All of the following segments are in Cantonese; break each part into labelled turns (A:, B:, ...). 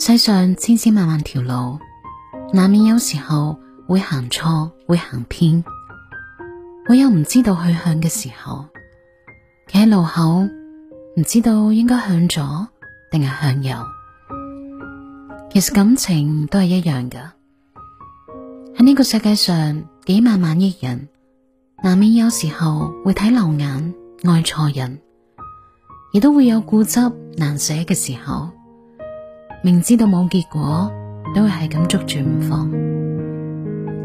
A: 世上千千萬萬條路，難免有時候會行錯，會行偏，會有唔知道去向嘅時候，企喺路口唔知道應該向左定係向右。其實感情都係一樣嘅，喺呢個世界上幾萬萬億人，難免有時候會睇漏眼愛錯人，亦都會有固執難捨嘅時候。明知道冇結果，都會係咁捉住唔放。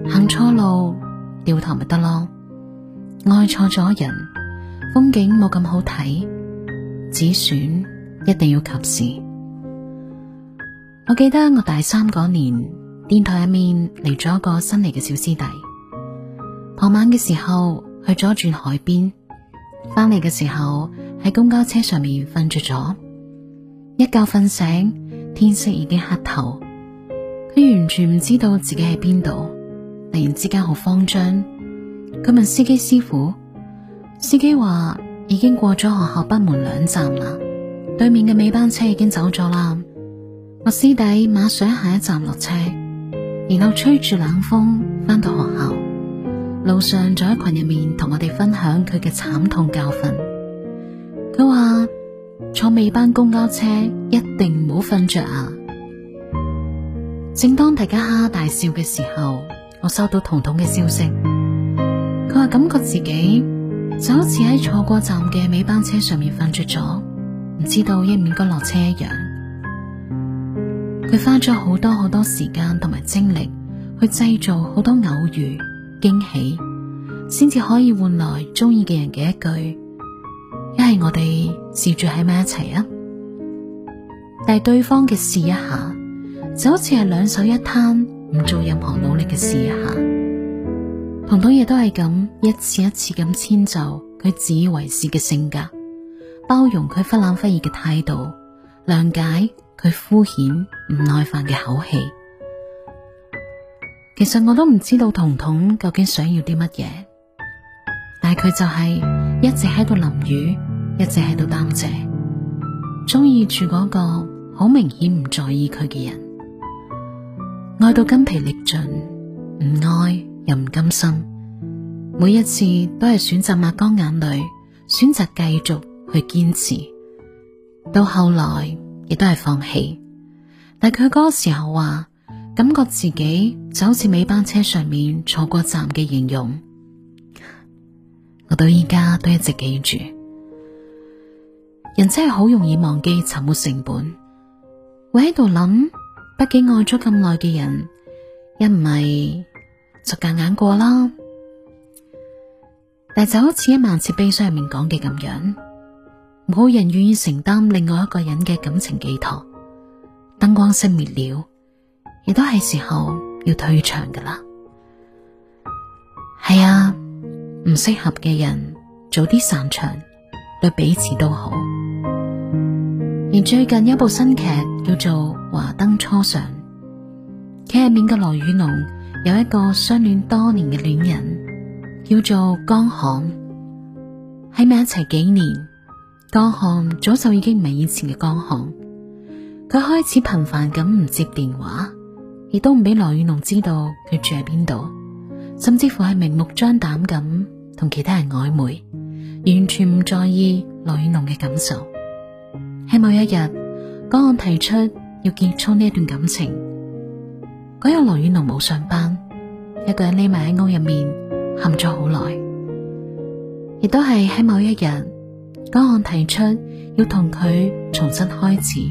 A: 行錯路，掉頭咪得咯。愛錯咗人，風景冇咁好睇，止損一定要及時。我記得我大三嗰年，電台入面嚟咗一個新嚟嘅小師弟。傍晚嘅時候去咗轉海邊，翻嚟嘅時候喺公交車上面瞓着咗，一覺瞓醒，天色已經黑透，佢完全唔知道自己喺邊度，突然之間好慌張。佢問司機師傅，司機話已經過咗學校北門兩站啦，對面嘅尾班車已經走咗啦。我師弟馬上下一站落車，然後吹住冷風返到學校。路上仲喺群入面同我哋分享佢嘅慘痛教訓，佢話。坐尾班公交車一定唔好瞓着啊！正當大家哈哈大笑嘅時候，我收到彤彤嘅消息，佢話感覺自己就好似喺坐過站嘅尾班車上面瞓着咗，唔知道應唔應該落車一樣。佢花咗好多好多時間同埋精力去製造好多偶遇驚喜，先至可以換來中意嘅人嘅一句：一係我哋。試住喺埋一齊啊！但係對方嘅試一下，就好似係兩手一攤，唔做任何努力嘅試一下。彤彤亦都係咁一次一次咁遷就佢自以為是嘅性格，包容佢忽冷忽熱嘅態度，諒解佢敷衍唔耐煩嘅口氣。其實我都唔知道彤彤究竟想要啲乜嘢，但係佢就係一直喺度淋雨，一直喺度擔遮，中意住嗰個好明顯唔在意佢嘅人，愛到筋疲力盡，唔愛又唔甘心，每一次都係選擇抹乾眼淚，選擇繼續去堅持，到後來亦都係放棄。但佢嗰個時候話，感覺自己就好似尾班車上面坐過站嘅形容，我到依家都一直記住。人真係好容易忘記沉沒成本，會喺度諗，畢竟愛咗咁耐嘅人，一唔係就夾硬硬過啦。但就好似一萬次悲傷入面講嘅咁樣，冇人願意承擔另外一個人嘅感情寄託。燈光熄滅了，亦都係時候要退場噶啦。係啊，唔適合嘅人早啲散場，對彼此都好。而最近有一部新劇叫做《華燈初上》，劇入面嘅羅宇龍有一個相戀多年嘅戀人，叫做江寒。喺埋一齊幾年，江寒早就已經唔係以前嘅江寒，佢開始頻繁咁唔接電話，亦都唔俾羅宇龍知道佢住喺邊度，甚至乎係明目張膽咁同其他人曖昧，完全唔在意羅宇龍嘅感受。喺某一日，江岸提出要結束呢一段感情。嗰日，羅宇奴冇上班，一個人匿埋喺屋入面，喊咗好耐。亦都係喺某一日，江岸提出要同佢重新開始。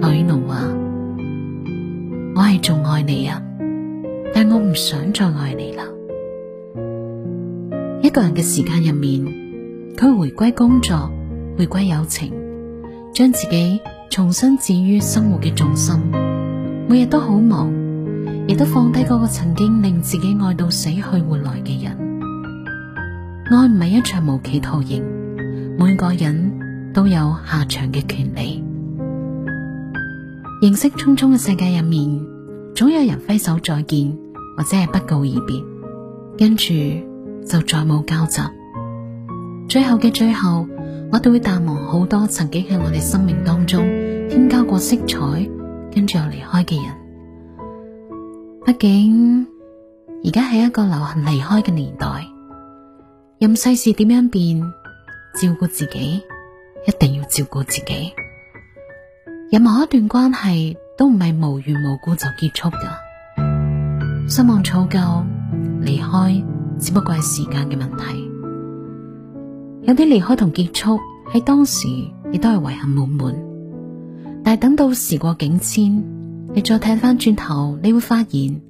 A: 羅宇奴話：我係仲愛你啊，但我唔想再愛你啦。一個人嘅時間入面，佢回歸工作，回歸友情。將自己重新置於生活嘅重心，每日都好忙，亦都放低嗰個曾經令自己愛到死去活來嘅人。愛唔係一場無期徒刑，每個人都有下場嘅權利。認識匆匆嘅世界入面，總有人揮手再見，或者係不告而別，跟住就再冇交集。最後嘅最後。我哋會淡忘好多曾經喺我哋生命當中添加過色彩，跟住又離開嘅人。畢竟而家係一個流行離開嘅年代，任世事點樣變，照顧自己一定要照顧自己。任何一段關係都唔係無緣無故就結束㗎，失望、嘈交、離開，只不過係時間嘅問題。有啲離開同結束，喺當時亦都係遺憾滿滿。但係等到時過境遷，你再睇返轉頭，你會發現，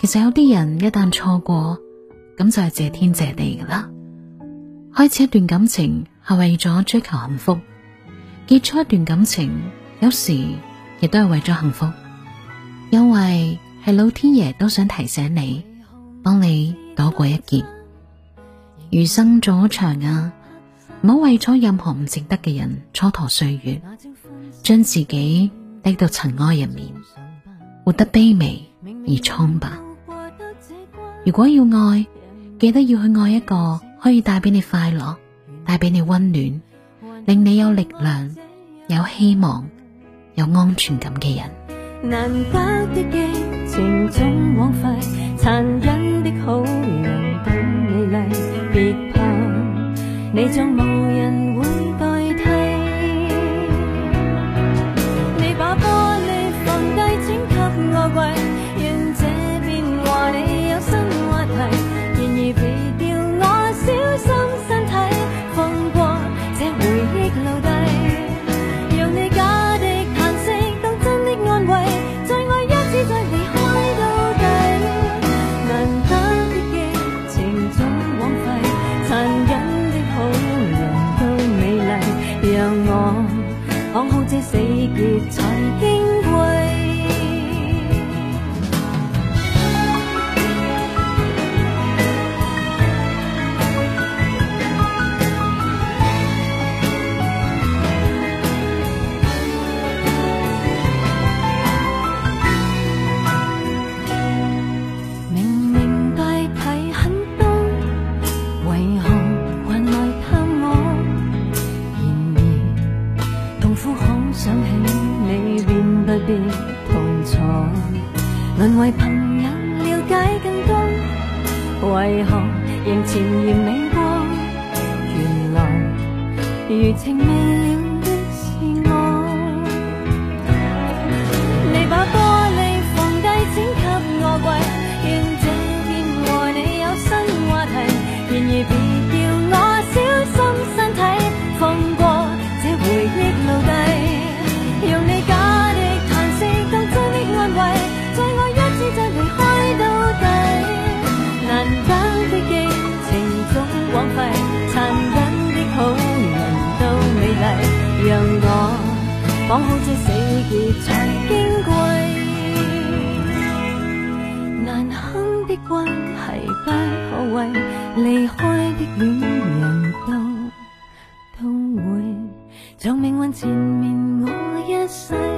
A: 其實有啲人一旦錯過，咁就係謝天謝地㗎喇。開始一段感情係為咗追求幸福，結束一段感情有時亦都係為咗幸福。因為係老天爺都想提醒你，幫你躲過一劫。餘生咁長啊，唔好為咗任何唔值得嘅人蹉跎歲月，將自己跌到塵埃入面，活得卑微而蒼白。如果要愛，記得要去愛一個可以帶俾你快樂、帶俾你溫暖、令你有力量、有希望、有安全感嘅人。
B: 別怕， 你將無人。前言未過，原來餘情未了。講好這死結才矜貴，難 堪的關係不可畏，離開的戀人都都會像命運纏綿我一世。